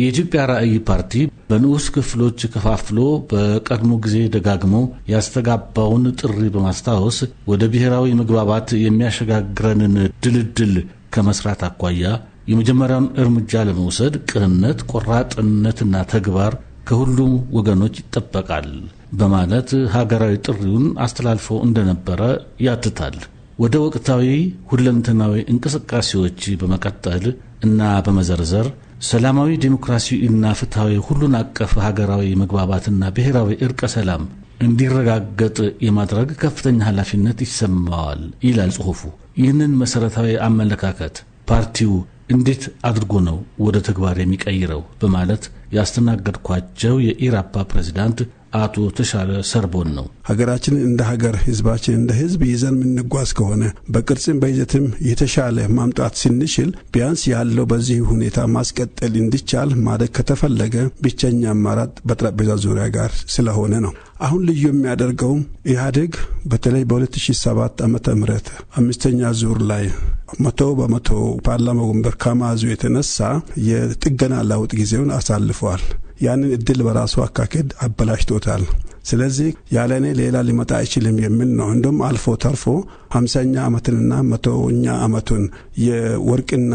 የኢትዮጵያ ራዕይ ፓርቲ በንዑስ ክፍሎች ከፋፍሎ በቀድሞ ጊዜ ደጋግሞ ያስተጋባውን ጥሪ በማስታወስ ወደ ብሔራዊ መግባባት የሚያሸጋግረንን ድልድል ከመስራት አኳያ የመጀመሪያውን እርምጃ ለመውሰድ ቅንነት፣ ቆራጥነትና ተግባር ከሁሉም ወገኖች ይጠበቃል በማለት ሀገራዊ ጥሪውን አስተላልፎ እንደነበረ ያትታል። ወደ ወቅታዊ ሁለንተናዊ እንቅስቃሴዎች በመቀጠል እና በመዘርዘር ሰላማዊ፣ ዴሞክራሲ እና ፍትሐዊ ሁሉን አቀፍ ሀገራዊ መግባባትና ብሔራዊ እርቀ ሰላም እንዲረጋገጥ የማድረግ ከፍተኛ ኃላፊነት ይሰማዋል ይላል ጽሑፉ። ይህንን መሠረታዊ አመለካከት ፓርቲው እንዴት አድርጎ ነው ወደ ተግባር የሚቀይረው? በማለት ያስተናገድኳቸው የኢራፓ ፕሬዚዳንት አቶ ተሻለ ሰርቦን ነው። ሀገራችን እንደ ሀገር፣ ህዝባችን እንደ ህዝብ ይዘን የምንጓዝ ከሆነ በቅርጽም በይዘትም የተሻለ ማምጣት ስንችል ቢያንስ ያለው በዚህ ሁኔታ ማስቀጠል እንዲቻል ማደግ ከተፈለገ ብቸኛ አማራጭ በጠረጴዛ ዙሪያ ጋር ስለሆነ ነው። አሁን ልዩ የሚያደርገውም ኢህአዴግ በተለይ በ2007 ዓ ም አምስተኛ ዙር ላይ መቶ በመቶ ፓርላማ ወንበር ከማዙ የተነሳ የጥገና ለውጥ ጊዜውን አሳልፏል። ያንን እድል በራሱ አካሄድ አበላሽቶታል። ስለዚህ ያለ እኔ ሌላ ሊመጣ አይችልም የሚል ነው። እንዲሁም አልፎ ተርፎ ሀምሳኛ ዓመትንና መቶኛ ዓመቱን የወርቅና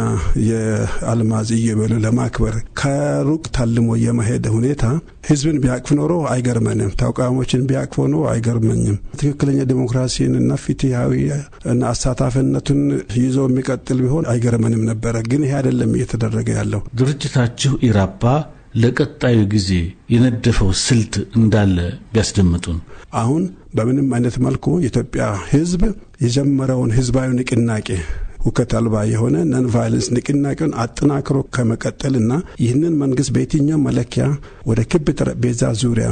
የአልማዝ እየበሉ ለማክበር ከሩቅ ታልሞ የመሄድ ሁኔታ ህዝብን ቢያቅፍ ኖሮ አይገርመንም። ተቃዋሞችን ቢያቅፍ ኖሮ አይገርመኝም። ትክክለኛ ዲሞክራሲንና ፍትሐዊ እና አሳታፊነቱን ይዞ የሚቀጥል ቢሆን አይገርመንም ነበረ። ግን ይሄ አይደለም እየተደረገ ያለው ድርጅታችሁ ኢራፓ ለቀጣዩ ጊዜ የነደፈው ስልት እንዳለ ቢያስደምጡን። አሁን በምንም አይነት መልኩ የኢትዮጵያ ሕዝብ የጀመረውን ሕዝባዊ ንቅናቄ ሁከት አልባ የሆነ ነን ቫይለንስ ንቅናቄውን አጠናክሮ ከመቀጠልና ይህንን መንግስት በየትኛው መለኪያ ወደ ክብ ጠረጴዛ ዙሪያ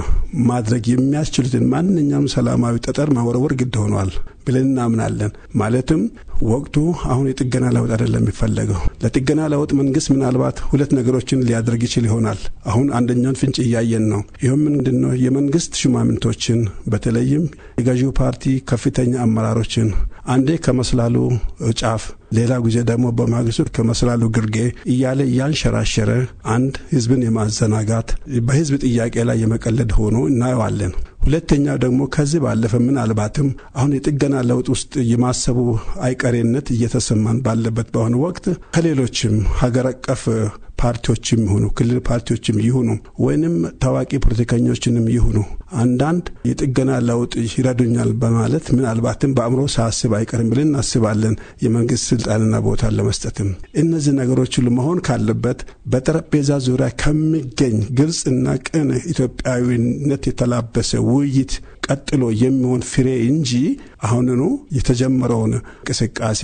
ማድረግ የሚያስችሉትን ማንኛውም ሰላማዊ ጠጠር መወረወር ግድ ሆኗል ብለን እናምናለን። ማለትም ወቅቱ አሁን የጥገና ለውጥ አይደለም የሚፈለገው። ለጥገና ለውጥ መንግስት ምናልባት ሁለት ነገሮችን ሊያደርግ ይችል ይሆናል። አሁን አንደኛውን ፍንጭ እያየ እያየን ነው። ይህም ነው? የመንግስት ሹማምንቶችን በተለይም የገዢው ፓርቲ ከፍተኛ አመራሮችን አንዴ ከመስላሉ ጫፍ ሌላ ጊዜ ደግሞ በማግስቱ ከመስላሉ ግርጌ እያለ እያንሸራሸረ አንድ ህዝብን የማዘናጋት በህዝብ ጥያቄ ላይ የመቀለድ ሆኖ እናየዋለን። ሁለተኛው ደግሞ ከዚህ ባለፈ ምናልባትም አሁን የጥገና ለውጥ ውስጥ የማሰቡ አይቀሬነት እየተሰማን ባለበት በአሁኑ ወቅት ከሌሎችም ሀገር አቀፍ ፓርቲዎችም ይሁኑ ክልል ፓርቲዎችም ይሁኑ ወይንም ታዋቂ ፖለቲከኞችንም ይሁኑ አንዳንድ የጥገና ለውጥ ይረዱኛል በማለት ምናልባትም በአእምሮ ሳስብ አይቀርም ብለን እናስባለን። የመንግስት ስልጣንና ቦታ ለመስጠትም እነዚህ ነገሮች ሁሉ መሆን ካለበት በጠረጴዛ ዙሪያ ከሚገኝ ግልጽና ቅን ኢትዮጵያዊነት የተላበሰ ውይይት ቀጥሎ የሚሆን ፍሬ እንጂ አሁንኑ የተጀመረውን እንቅስቃሴ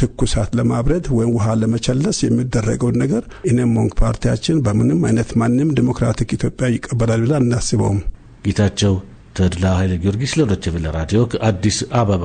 ትኩሳት ለማብረድ ወይም ውሃ ለመቸለስ የሚደረገውን ነገር እኔም ፓርቲያችን በምንም አይነት ማንም ዲሞክራቲክ ኢትዮጵያ ይቀበላል ብላ እናስበውም። ጌታቸው ተድላ ኃይለ ጊዮርጊስ ለዶይቼ ቬለ ራዲዮ ከአዲስ አበባ